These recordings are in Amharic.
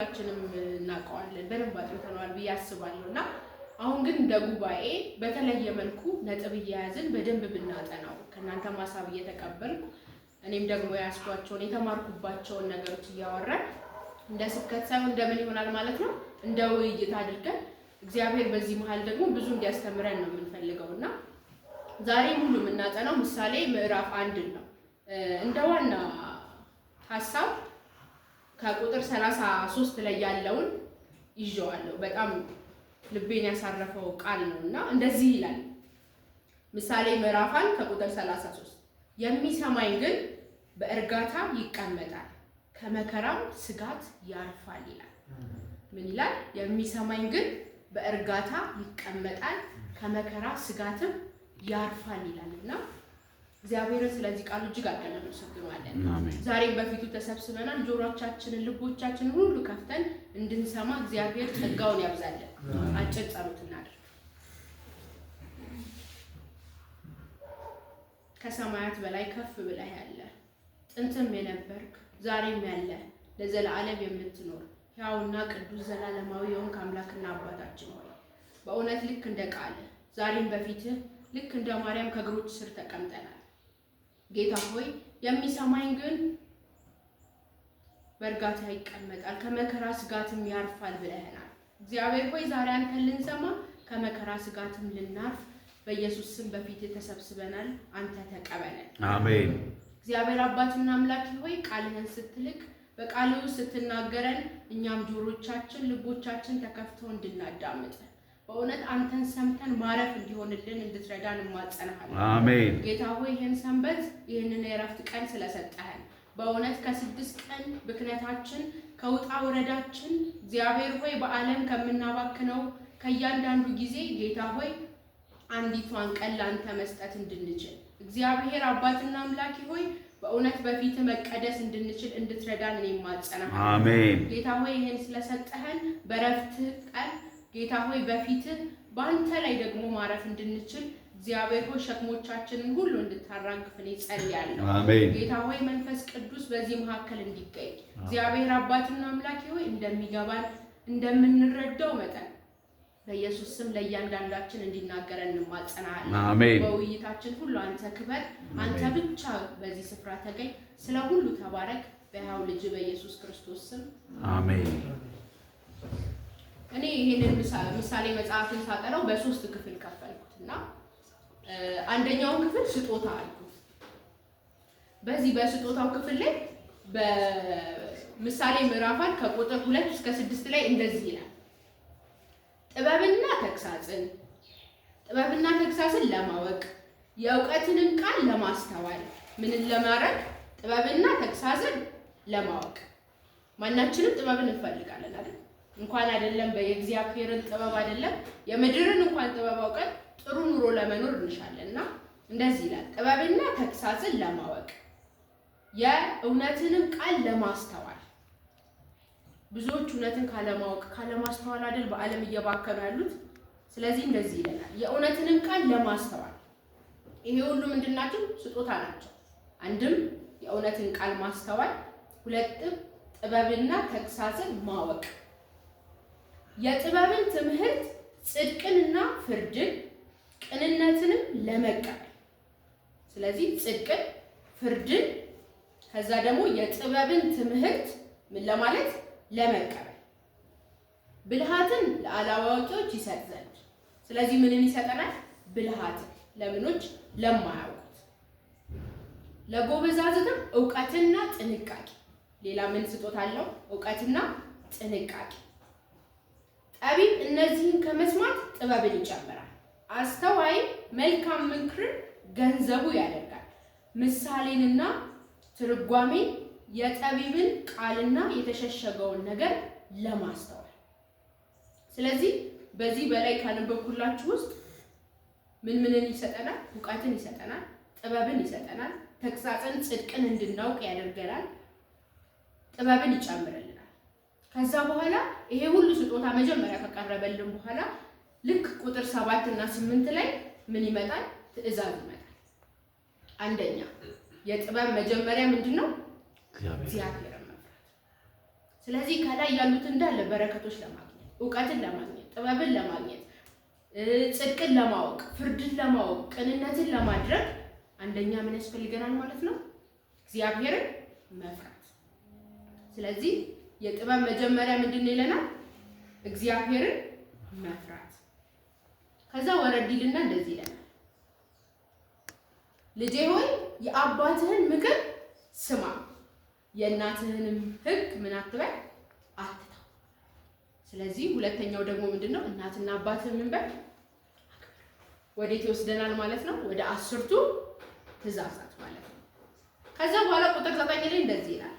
ሁላችንም እናውቀዋለን በደንብ አጥንተነዋል ብዬ አስባለሁ። እና አሁን ግን እንደ ጉባኤ በተለየ መልኩ ነጥብ እየያዝን በደንብ ብናጠናው ከእናንተ ማሳብ እየተቀበልኩ እኔም ደግሞ የያዝኳቸውን የተማርኩባቸውን ነገሮች እያወራን እንደ ስብከት ሳይሆን እንደምን ይሆናል ማለት ነው እንደ ውይይት አድርገን እግዚአብሔር በዚህ መሀል ደግሞ ብዙ እንዲያስተምረን ነው የምንፈልገው እና ዛሬ ሙሉ የምናጠናው ምሳሌ ምዕራፍ አንድን ነው እንደ ዋና ሀሳብ ከቁጥር 33 ላይ ያለውን ይዤዋለሁ። በጣም ልቤን ያሳረፈው ቃል ነው እና እንደዚህ ይላል ምሳሌ ምዕራፍ አንድ ከቁጥር 33 የሚሰማኝ ግን በእርጋታ ይቀመጣል፣ ከመከራም ስጋት ያርፋል ይላል። ምን ይላል? የሚሰማኝ ግን በእርጋታ ይቀመጣል፣ ከመከራ ስጋትም ያርፋል ይላል እና እግዚአብሔርን ስለዚህ ቃሉ እጅግ አድርገን እናመሰግናለን። ዛሬም በፊቱ ተሰብስበናል። ጆሮቻችንን፣ ልቦቻችንን ሁሉ ከፍተን እንድንሰማ እግዚአብሔር ጸጋውን ያብዛለን። አጭር ጸሎት እናድርግ። ከሰማያት በላይ ከፍ ብለህ ያለ ጥንትም የነበርክ ዛሬም ያለ ለዘላለም የምትኖር ሕያውና ቅዱስ ዘላለማዊ የሆንክ አምላክና አባታችን ሆይ በእውነት ልክ እንደ ቃል ዛሬም በፊትህ ልክ እንደ ማርያም ከእግሮች ስር ተቀምጠናል። ጌታ ሆይ የሚሰማኝ ግን በእርጋታ ይቀመጣል፣ ከመከራ ስጋትም ያርፋል ብለህናል። እግዚአብሔር ሆይ ዛሬ አንተን ልንሰማ ከመከራ ስጋትም ልናርፍ በኢየሱስ ስም በፊት ተሰብስበናል። አንተ ተቀበለን። አሜን። እግዚአብሔር አባትና አምላኪ ሆይ ቃልህን ስትልክ በቃልህ ስትናገረን እኛም ጆሮቻችን ልቦቻችን ተከፍተው እንድናዳምጥ በእውነት አንተን ሰምተን ማረፍ እንዲሆንልን እንድትረዳን እማጸናሃለሁ። አሜን። ጌታ ሆይ ይህን ሰንበት ይህንን የእረፍት ቀን ስለሰጠህን በእውነት ከስድስት ቀን ብክነታችን ከውጣ ውረዳችን እግዚአብሔር ሆይ በዓለም ከምናባክነው ከእያንዳንዱ ጊዜ ጌታ ሆይ አንዲቷን ቀን ለአንተ መስጠት እንድንችል እግዚአብሔር አባትና አምላኪ ሆይ በእውነት በፊት መቀደስ እንድንችል እንድትረዳን እኔ እማጸናሃለሁ። አሜን። ጌታ ሆይ ይህን ስለሰጠህን በእረፍት ቀን ጌታ ሆይ በፊትህ በአንተ ላይ ደግሞ ማረፍ እንድንችል እግዚአብሔር ሆይ ሸክሞቻችንን ሁሉ እንድታራግፍ እኔ ጸልያለሁ። ጌታ ሆይ መንፈስ ቅዱስ በዚህ መካከል እንዲገኝ እግዚአብሔር አባትና አምላኬ ሆይ እንደሚገባን እንደምንረዳው መጠን በኢየሱስ ስም ለእያንዳንዳችን እንዲናገረን እንማጸናለን። በውይይታችን ሁሉ አንተ ክበር፣ አንተ ብቻ በዚህ ስፍራ ተገኝ። ስለ ሁሉ ተባረክ። በሕያው ልጅ በኢየሱስ ክርስቶስ ስም አሜን። እኔ ይሄንን ምሳሌ መጽሐፍን ሳጠረው በሶስት ክፍል ከፈልኩት እና አንደኛውን ክፍል ስጦታ አልኩት። በዚህ በስጦታው ክፍል ላይ በምሳሌ ምዕራፋን ከቁጥር ሁለት እስከ ስድስት ላይ እንደዚህ ይላል። ጥበብና ተግሳጽን ጥበብና ተግሳጽን ለማወቅ የእውቀትንም ቃል ለማስተዋል ምንን ለማድረግ ጥበብና ተግሳጽን ለማወቅ ማናችንም ጥበብን እንፈልጋለን አይደል? እንኳን አይደለም በእግዚአብሔር ጥበብ አይደለም የምድርን እንኳን ጥበብ አውቀን ጥሩ ኑሮ ለመኖር እንሻለን እና እንደዚህ ይላል ጥበብና ተግሳጽን ለማወቅ የእውነትንም ቃል ለማስተዋል ብዙዎች እውነትን ካለማወቅ ካለማስተዋል አይደል በዓለም እየባከኑ ያሉት ስለዚህ እንደዚህ ይለናል የእውነትንም ቃል ለማስተዋል ይሄ ሁሉ ምንድናቸው ስጦታ ናቸው አንድም የእውነትን ቃል ማስተዋል ሁለትም ጥበብና ተግሳጽን ማወቅ የጥበብን ትምህርት ጽድቅንና ፍርድን ቅንነትንም ለመቀበል ስለዚህ ጽድቅን ፍርድን ከዛ ደግሞ የጥበብን ትምህርት ምን ለማለት ለመቀበል ብልሃትን ለአላዋቂዎች ይሰጥ ዘንድ ስለዚህ ምንን ይሰጠናል ብልሃትን ለምኖች ለማያውቁት ለጎበዛዝትም እውቀትና ጥንቃቄ ሌላ ምን ስጦታ አለው እውቀትና ጥንቃቄ ጠቢብ እነዚህን ከመስማት ጥበብን ይጨምራል። አስተዋይ መልካም ምክርን ገንዘቡ ያደርጋል። ምሳሌንና ትርጓሜን የጠቢብን ቃልና የተሸሸገውን ነገር ለማስተዋል። ስለዚህ በዚህ በላይ ካነበብኩላችሁ ውስጥ ምን ምንን ይሰጠናል? እውቀትን ይሰጠናል፣ ጥበብን ይሰጠናል፣ ተግሳጽን፣ ጽድቅን እንድናውቅ ያደርገናል፣ ጥበብን ይጨምራል። ከዛ በኋላ ይሄ ሁሉ ስጦታ መጀመሪያ ከቀረበልን በኋላ ልክ ቁጥር ሰባት እና ስምንት ላይ ምን ይመጣል? ትዕዛዝ ይመጣል። አንደኛ የጥበብ መጀመሪያ ምንድን ነው? እግዚአብሔር መፍራት። ስለዚህ ከላይ ያሉት እንዳለ በረከቶች ለማግኘት እውቀትን ለማግኘት ጥበብን ለማግኘት ጽድቅን ለማወቅ ፍርድን ለማወቅ ቅንነትን ለማድረግ አንደኛ ምን ያስፈልገናል ማለት ነው? እግዚአብሔርን መፍራት። ስለዚህ የጥበብ መጀመሪያ ምንድን ነው ይለናል? እግዚአብሔርን መፍራት። ከዛ ወረድ ይልና እንደዚህ ይለናል፣ ልጄ ሆይ የአባትህን ምክር ስማ፣ የእናትህንም ሕግ ምን አትበል አትታ። ስለዚህ ሁለተኛው ደግሞ ምንድን ነው? እናትና አባትህን ምን በል ወዴት ይወስደናል ማለት ነው? ወደ አስርቱ ትእዛዛት ማለት ነው። ከዛ በኋላ ቁጥር ዘጠኝ ላይ እንደዚህ ይላል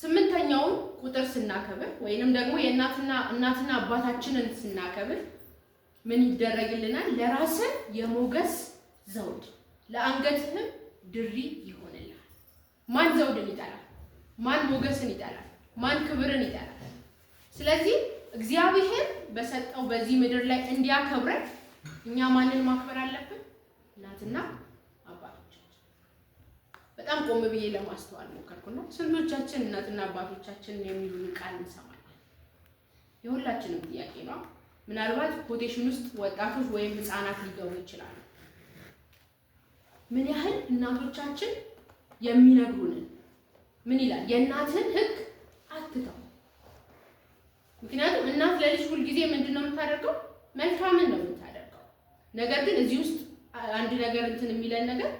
ስምንተኛውን ቁጥር ስናከብር ወይንም ደግሞ የእናትና እናትና አባታችንን ስናከብር ምን ይደረግልናል? ለራስህ የሞገስ ዘውድ ለአንገትህም ድሪ ይሆንልሃል። ማን ዘውድን ይጠላል? ማን ሞገስን ይጠላል? ማን ክብርን ይጠላል? ስለዚህ እግዚአብሔር በሰጠው በዚህ ምድር ላይ እንዲያከብረን እኛ ማንን ማክበር አለብን? እናትና በጣም ቆም ብዬ ለማስተዋል ሞከርኩና ስንቶቻችን እናትና አባቶቻችን የሚሉን ቃል እንሰማለን? የሁላችንም ጥያቄ ነው። ምናልባት ኮቴሽን ውስጥ ወጣቶች ወይም ህፃናት ሊገቡ ይችላሉ። ምን ያህል እናቶቻችን የሚነግሩንን ምን ይላል? የእናትን ህግ አትተው። ምክንያቱም እናት ለልጅ ሁልጊዜ ምንድን ነው የምታደርገው? መልካምን ነው የምታደርገው። ነገር ግን እዚህ ውስጥ አንድ ነገር እንትን የሚለን ነገር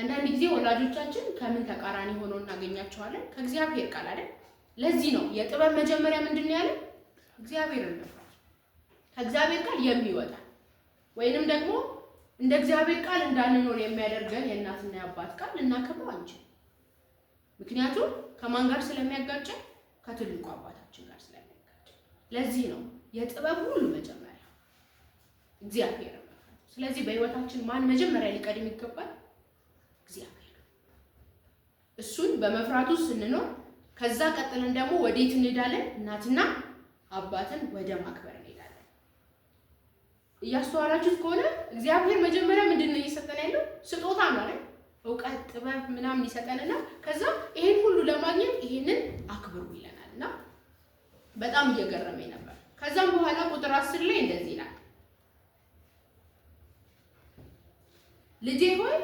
አንዳንድ ጊዜ ወላጆቻችን ከምን ተቃራኒ ሆኖ እናገኛቸዋለን? ከእግዚአብሔር ቃል አይደል? ለዚህ ነው የጥበብ መጀመሪያ ምንድን ነው ያለ? እግዚአብሔርን መፍራት። ከእግዚአብሔር ቃል የሚወጣ ወይንም ደግሞ እንደ እግዚአብሔር ቃል እንዳንኖር የሚያደርገን የእናትና የአባት ቃል ልናከብረው አንችልም። ምክንያቱም ከማን ጋር ስለሚያጋጨን? ከትልቁ አባታችን ጋር ስለሚያጋጨን። ለዚህ ነው የጥበብ ሁሉ መጀመሪያ እግዚአብሔር። ስለዚህ በህይወታችን ማን መጀመሪያ ሊቀድም ይገባል? እሱን በመፍራቱ ስንኖር ከዛ ቀጥለን ደግሞ ወዴት እንሄዳለን? እናትና አባትን ወደ ማክበር እንሄዳለን። እያስተዋላችሁት ከሆነ እግዚአብሔር መጀመሪያ ምንድን ነው እየሰጠን ያለው? ስጦታ ማለት እውቀት፣ ጥበብ ምናምን ይሰጠንና ከዛ ይሄን ሁሉ ለማግኘት ይሄንን አክብሩ ይለናል እና በጣም እየገረመኝ ነበር። ከዛም በኋላ ቁጥር አስር ላይ እንደዚህ ይላል ልጄ ሆይ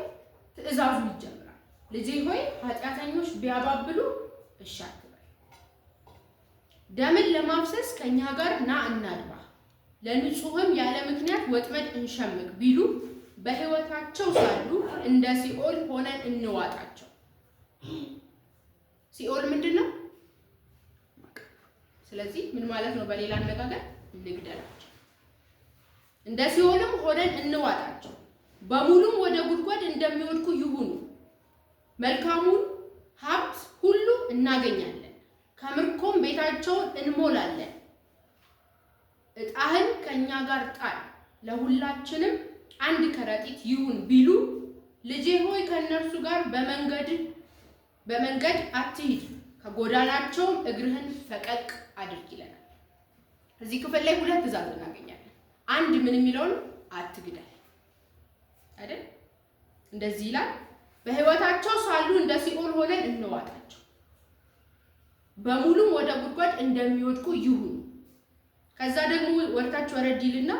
ትእዛዙ ይጀምራል ልጄ ሆይ ኃጢአተኞች ቢያባብሉ እሺ አትበል። ደምን ለማፍሰስ ከእኛ ጋር ና እናድባ፣ ለንጹሕም ያለ ምክንያት ወጥመድ እንሸምቅ ቢሉ በህይወታቸው ሳሉ እንደ ሲኦል ሆነን እንዋጣቸው። ሲኦል ምንድን ነው? ስለዚህ ምን ማለት ነው? በሌላ አነጋገር እንግደላቸው፣ እንደ ሲኦልም ሆነን እንዋጣቸው፣ በሙሉም ወደ ጉድጓድ እንደሚወድቁ ይሁኑ መልካሙን ሀብት ሁሉ እናገኛለን፣ ከምርኮም ቤታቸውን እንሞላለን። እጣህን ከእኛ ጋር ጣል፣ ለሁላችንም አንድ ከረጢት ይሁን ቢሉ ልጄ ሆይ ከእነርሱ ጋር በመንገድ በመንገድ አትሂድ፣ ከጎዳናቸውም እግርህን ፈቀቅ አድርግ ይለናል። እዚህ ክፍል ላይ ሁለት ትእዛዝ እናገኛለን። አንድ ምን የሚለውን አትግደል አይደል? እንደዚህ ይላል በህይወታቸው ሳሉ እንደ ሲኦል ሆነን እንዋጣቸው፣ በሙሉም ወደ ጉድጓድ እንደሚወድቁ ይሁኑ። ከዛ ደግሞ ወርታች ወረዲልና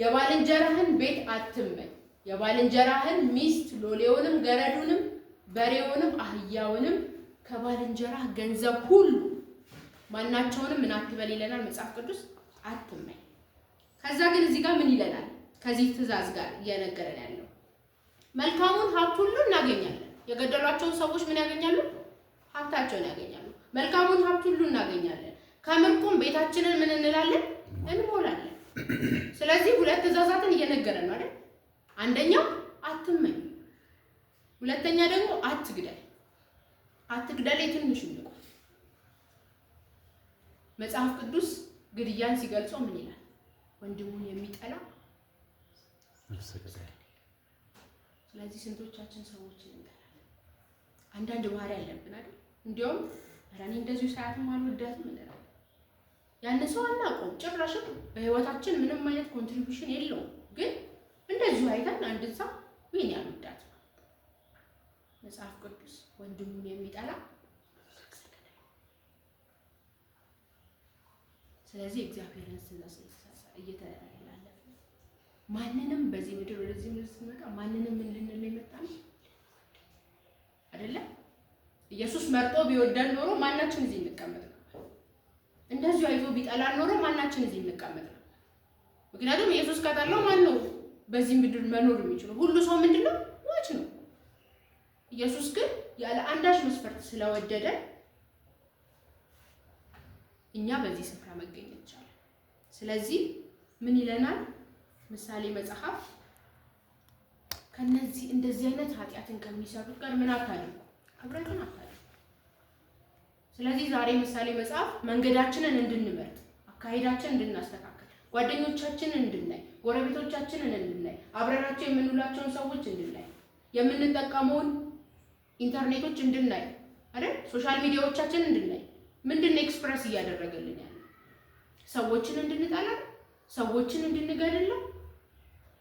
የባልንጀራህን ቤት አትመኝ፣ የባልንጀራህን ሚስት ሎሌውንም፣ ገረዱንም፣ በሬውንም፣ አህያውንም ከባልንጀራህ ገንዘብ ሁሉ ማናቸውንም ምን አትበል ይለናል መጽሐፍ ቅዱስ አትመኝ። ከዛ ግን እዚህ ጋር ምን ይለናል? ከዚህ ትእዛዝ ጋር እየነገረን ያለው መልካሙን ሀብት ሁሉ እናገኛለን። የገደሏቸውን ሰዎች ምን ያገኛሉ? ሀብታቸውን ያገኛሉ። መልካሙን ሀብት ሁሉ እናገኛለን። ከምርቁም ቤታችንን ምን እንላለን? እንሞላለን። ስለዚህ ሁለት ትእዛዛትን እየነገረን ነው አይደል? አንደኛው አትመኝ፣ ሁለተኛ ደግሞ አትግደል። አትግደል የትንሹ ልቆ መጽሐፍ ቅዱስ ግድያን ሲገልጾ ምን ይላል? ወንድሙን የሚጠላ ስለዚህ ስንቶቻችን ሰዎችን እንጠላለን? አንዳንድ ባህሪ አለብን አይደል? እንዲያውም ኧረ እኔ እንደዚሁ ሰዓትም አልወዳትም እንላለን። ያን ሰው አናውቀውም፣ ጭራሽም በህይወታችን ምንም አይነት ኮንትሪቢሽን የለውም። ግን እንደዚሁ አይተን አንድ ሰው ይህን ያልወዳት መጽሐፍ ቅዱስ ወንድሙን የሚጠላ ስለዚህ እግዚአብሔርን እየተ ማንንም በዚህ ምድር ወደዚህ ምድር ስንመጣ ማንንም እንድንል ልንል የመጣ ኢየሱስ መርጦ ቢወደን ኖሮ ማናችን እዚህ እንቀመጥ ነው። እንደዚሁ አይዞ ቢጠላን ኖሮ ማናችን እዚህ እንቀመጥ ነው። ምክንያቱም ኢየሱስ ከጠላው ማን ነው በዚህ ምድር መኖር የሚችለው? ሁሉ ሰው ምንድን ነው ሟች ነው። ኢየሱስ ግን ያለ አንዳች መስፈርት ስለወደደ እኛ በዚህ ስፍራ መገኘት ይቻላል። ስለዚህ ምን ይለናል? ምሳሌ መጽሐፍ ከነዚህ እንደዚህ አይነት ኃጢአትን ከሚሰሩት ጋር ምን አታድርጉ፣ ህብረትን አታድርጉ። ስለዚህ ዛሬ ምሳሌ መጽሐፍ መንገዳችንን እንድንመርጥ፣ አካሄዳችን እንድናስተካከል፣ ጓደኞቻችንን እንድናይ፣ ጎረቤቶቻችንን እንድናይ፣ አብረናቸው የምንውላቸውን ሰዎች እንድናይ፣ የምንጠቀመውን ኢንተርኔቶች እንድናይ አይደል፣ ሶሻል ሚዲያዎቻችን እንድናይ፣ ምንድን ኤክስፕረስ እያደረገልን ያለ ሰዎችን እንድንጠላ፣ ሰዎችን እንድንገድላ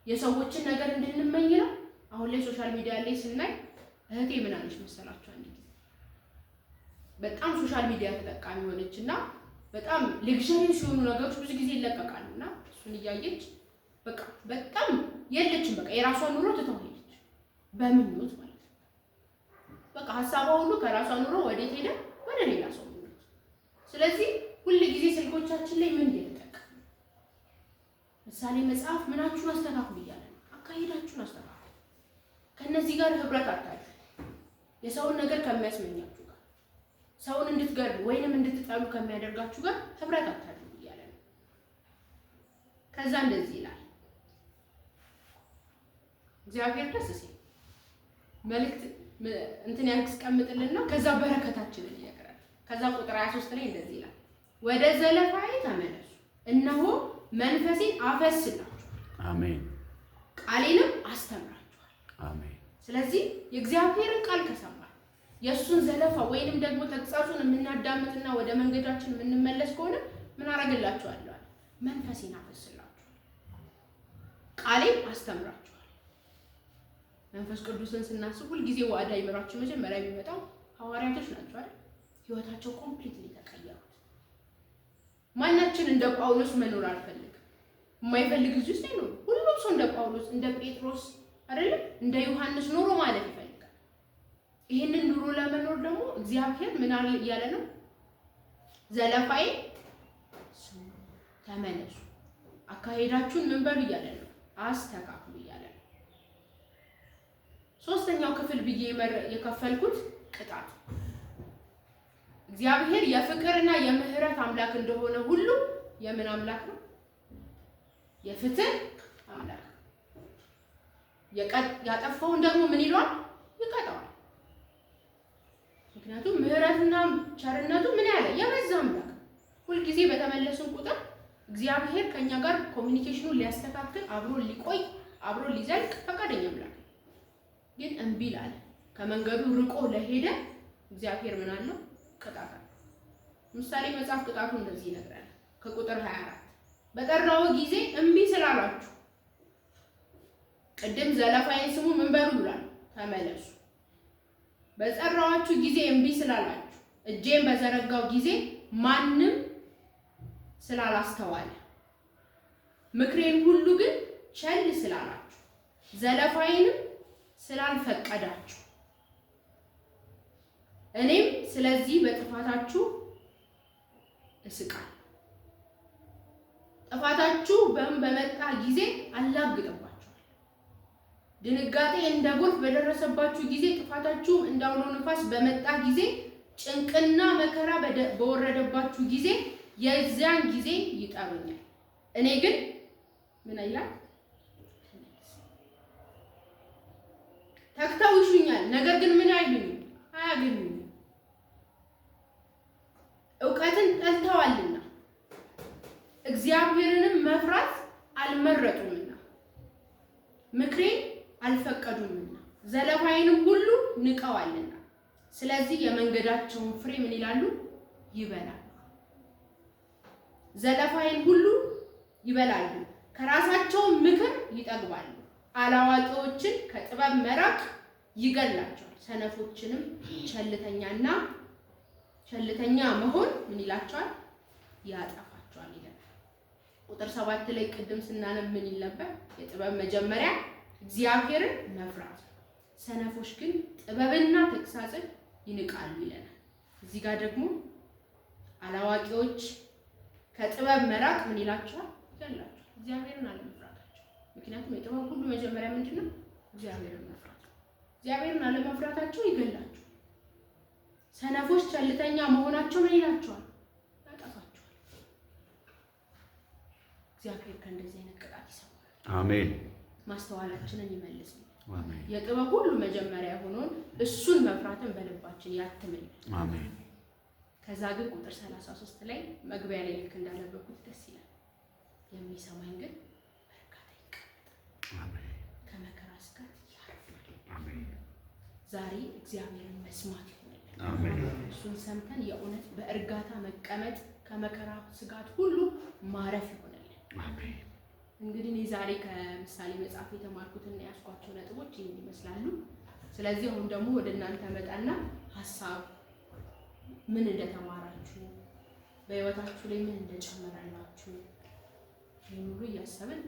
የሰዎችን ነገር እንድንመኝ ነው። አሁን ላይ ሶሻል ሚዲያ ላይ ስናይ እህቴ ምን አለች መሰላችሁ? አንድ ጊዜ በጣም ሶሻል ሚዲያ ተጠቃሚ ሆነች እና በጣም ሌክቸሪ ሲሆኑ ነገሮች ብዙ ጊዜ ይለቀቃሉ እና እሱን እያየች በቃ በጣም የለችም። በቃ የራሷ ኑሮ ትተውለች በምኞት ማለት በቃ ሀሳቧ ሁሉ ከራሷ ኑሮ ወዴት ሄደ? ወደ ሌላ ሰው ምኞት። ስለዚህ ሁል ጊዜ ስልኮቻችን ላይ ምንድን ነው ምሳሌ መጽሐፍ ምናችሁን አስተካክሉ እያለ አካሄዳችሁን አስተካክሉ። ከእነዚህ ጋር ህብረት አታችሁ። የሰውን ነገር ከሚያስመኛችሁ ጋር ሰውን እንድትገሉ ወይንም እንድትጠሉ ከሚያደርጋችሁ ጋር ህብረት አታችሁ እያለ ነው። ከዛ እንደዚህ ይላል እግዚአብሔር ደስ ሲል መልእክት እንትን ያስቀምጥልና ከዛ በረከታችንን ይነግራል። ከዛ ቁጥር 23 ላይ እንደዚህ ይላል ወደ ዘለፋዬ ተመለሱ እነሆ መንፈሴን አፈስላችኋል። አሜን። ቃሌንም አስተምራችኋል። አሜን። ስለዚህ የእግዚአብሔርን ቃል ከሰማ የእሱን ዘለፋ ወይንም ደግሞ ተግሳጹን የምናዳምጥና ወደ መንገዳችን የምንመለስ ከሆነ ምን አረግላችኋለሁ? መንፈሴን አፈስላችኋል፣ ቃሌም አስተምራችኋል። መንፈስ ቅዱስን ስናስብ ሁልጊዜ ወደ አእምሯችን መጀመሪያ የሚመጣው ሐዋርያቶች ናቸው አይደል? ህይወታቸው ኮምፕሊትሊ ተቀየሩ። ማናችን እንደ ጳውሎስ መኖር አልፈልግም። የማይፈልግ እዚህ ውስጥ አይኖር። ሁሉም ሰው እንደ ጳውሎስ፣ እንደ ጴጥሮስ አይደለም እንደ ዮሐንስ ኑሮ ማለት ይፈልጋል። ይህንን ኑሮ ለመኖር ደግሞ እግዚአብሔር ምን እያለ ነው? ዘለፋዬ ተመለሱ፣ አካሄዳችሁን ምንበር እያለ ነው፣ አስተካክሉ እያለ ነው። ሶስተኛው ክፍል ብዬ የከፈልኩት ቅጣት እግዚአብሔር የፍቅርና የምህረት አምላክ እንደሆነ ሁሉ የምን አምላክ ነው? የፍትህ አምላክ ያጠፋውን ደግሞ ምን ይሏል? ይቀጣዋል። ምክንያቱም ምህረትና ቸርነቱ ምን ያለ የበዛ አምላክ ሁልጊዜ በተመለሱን ቁጥር እግዚአብሔር ከኛ ጋር ኮሚኒኬሽኑን ሊያስተካክል አብሮ ሊቆይ አብሮ ሊዘልቅ ፈቃደኛ አምላክ ግን እምቢ አለ። ከመንገዱ ርቆ ለሄደ እግዚአብሔር ምን አለው? ቅጣት ምሳሌ መጽሐፍ ቅጣቱ እንደዚህ ይነግራል። ከቁጥር 24 በጠራው ጊዜ እምቢ ስላላችሁ ቅድም ዘለፋዬን ስሙ ምን በሉ ብሏል፣ ተመለሱ። በጠራዋችሁ ጊዜ እምቢ ስላላችሁ እጄን በዘረጋው ጊዜ ማንም ስላላስተዋለ ምክሬን ሁሉ ግን ቸል ስላላችሁ ዘለፋዬንም ስላልፈቀዳችሁ እኔም ስለዚህ በጥፋታችሁ እስቃል ጥፋታችሁ በምን በመጣ ጊዜ አላግጥባችኋል። ድንጋጤ እንደ ጎርፍ በደረሰባችሁ ጊዜ ጥፋታችሁ እንደ አውሎ ንፋስ በመጣ ጊዜ ጭንቅና መከራ በወረደባችሁ ጊዜ የዚያን ጊዜ ይጠሩኛል። እኔ ግን ምን ይላል? ተግተው ይሹኛል፣ ነገር ግን ምን አይሉኝም፣ አያገኙኝም እውቀትን ጠልተዋልና እግዚአብሔርንም መፍራት አልመረጡምና ምክሬን አልፈቀዱምና ዘለፋዬንም ሁሉ ንቀዋልና ስለዚህ የመንገዳቸውን ፍሬ ምን ይላሉ? ይበላሉ። ዘለፋዬን ሁሉ ይበላሉ፣ ከራሳቸው ምክር ይጠግባሉ። አላዋቂዎችን ከጥበብ መራቅ ይገላቸዋል፣ ሰነፎችንም ቸልተኛና ቸልተኛ መሆን ምን ይላቸዋል? ያጠፋቸዋል ይላል። ቁጥር ሰባት ላይ ቅድም ስናነብ ምን ይል ነበር? የጥበብ መጀመሪያ እግዚአብሔርን መፍራት ሰነፎች ግን ጥበብና ተግሳጽን ይንቃሉ ይለናል። እዚህ ጋር ደግሞ አላዋቂዎች ከጥበብ መራቅ ምን ይላቸዋል? ይገላቸዋል፣ እግዚአብሔርን አለመፍራታቸው። ምክንያቱም የጥበብ ሁሉ መጀመሪያ ምንድን ነው? እግዚአብሔርን መፍራት። እግዚአብሔርን አለመፍራታቸው ይገላቸዋል። ሰነፎች ቸልተኛ መሆናቸው ምን ይላቸዋል? ያጠፋቸዋል። እግዚአብሔር ከእንደዚህ አይነት ቅጣት ይሰማል። አሜን። ማስተዋላችንን ይመልስ። የጥበብ ሁሉ መጀመሪያ የሆነውን እሱን መፍራትን በልባችን ያትምል። አሜን። ከዛ ግን ቁጥር 33 ላይ መግቢያ ላይ ልክ እንዳነበኩት ደስ ይላል። የሚሰማኝ ግን በእርጋታ ይቀመጣል፣ ከመከራ ስጋት ያርፋል። ዛሬ እግዚአብሔርን መስማት ይሆንልን። እሱን ሰምተን የእውነት በእርጋታ መቀመጥ ከመከራ ስጋት ሁሉ ማረፍ ይሆንልን። እንግዲህ እኔ ዛሬ ከምሳሌ መጽሐፍ የተማርኩትና ያስኳቸው ነጥቦች ይህን ይመስላሉ። ስለዚህ አሁን ደግሞ ወደ እናንተ መጣና ሀሳብ ምን እንደተማራችሁ በህይወታችሁ ላይ ምን እንደጨመረላችሁ ይህን ሁሉ እያሰብን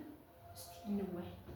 እንወያይ።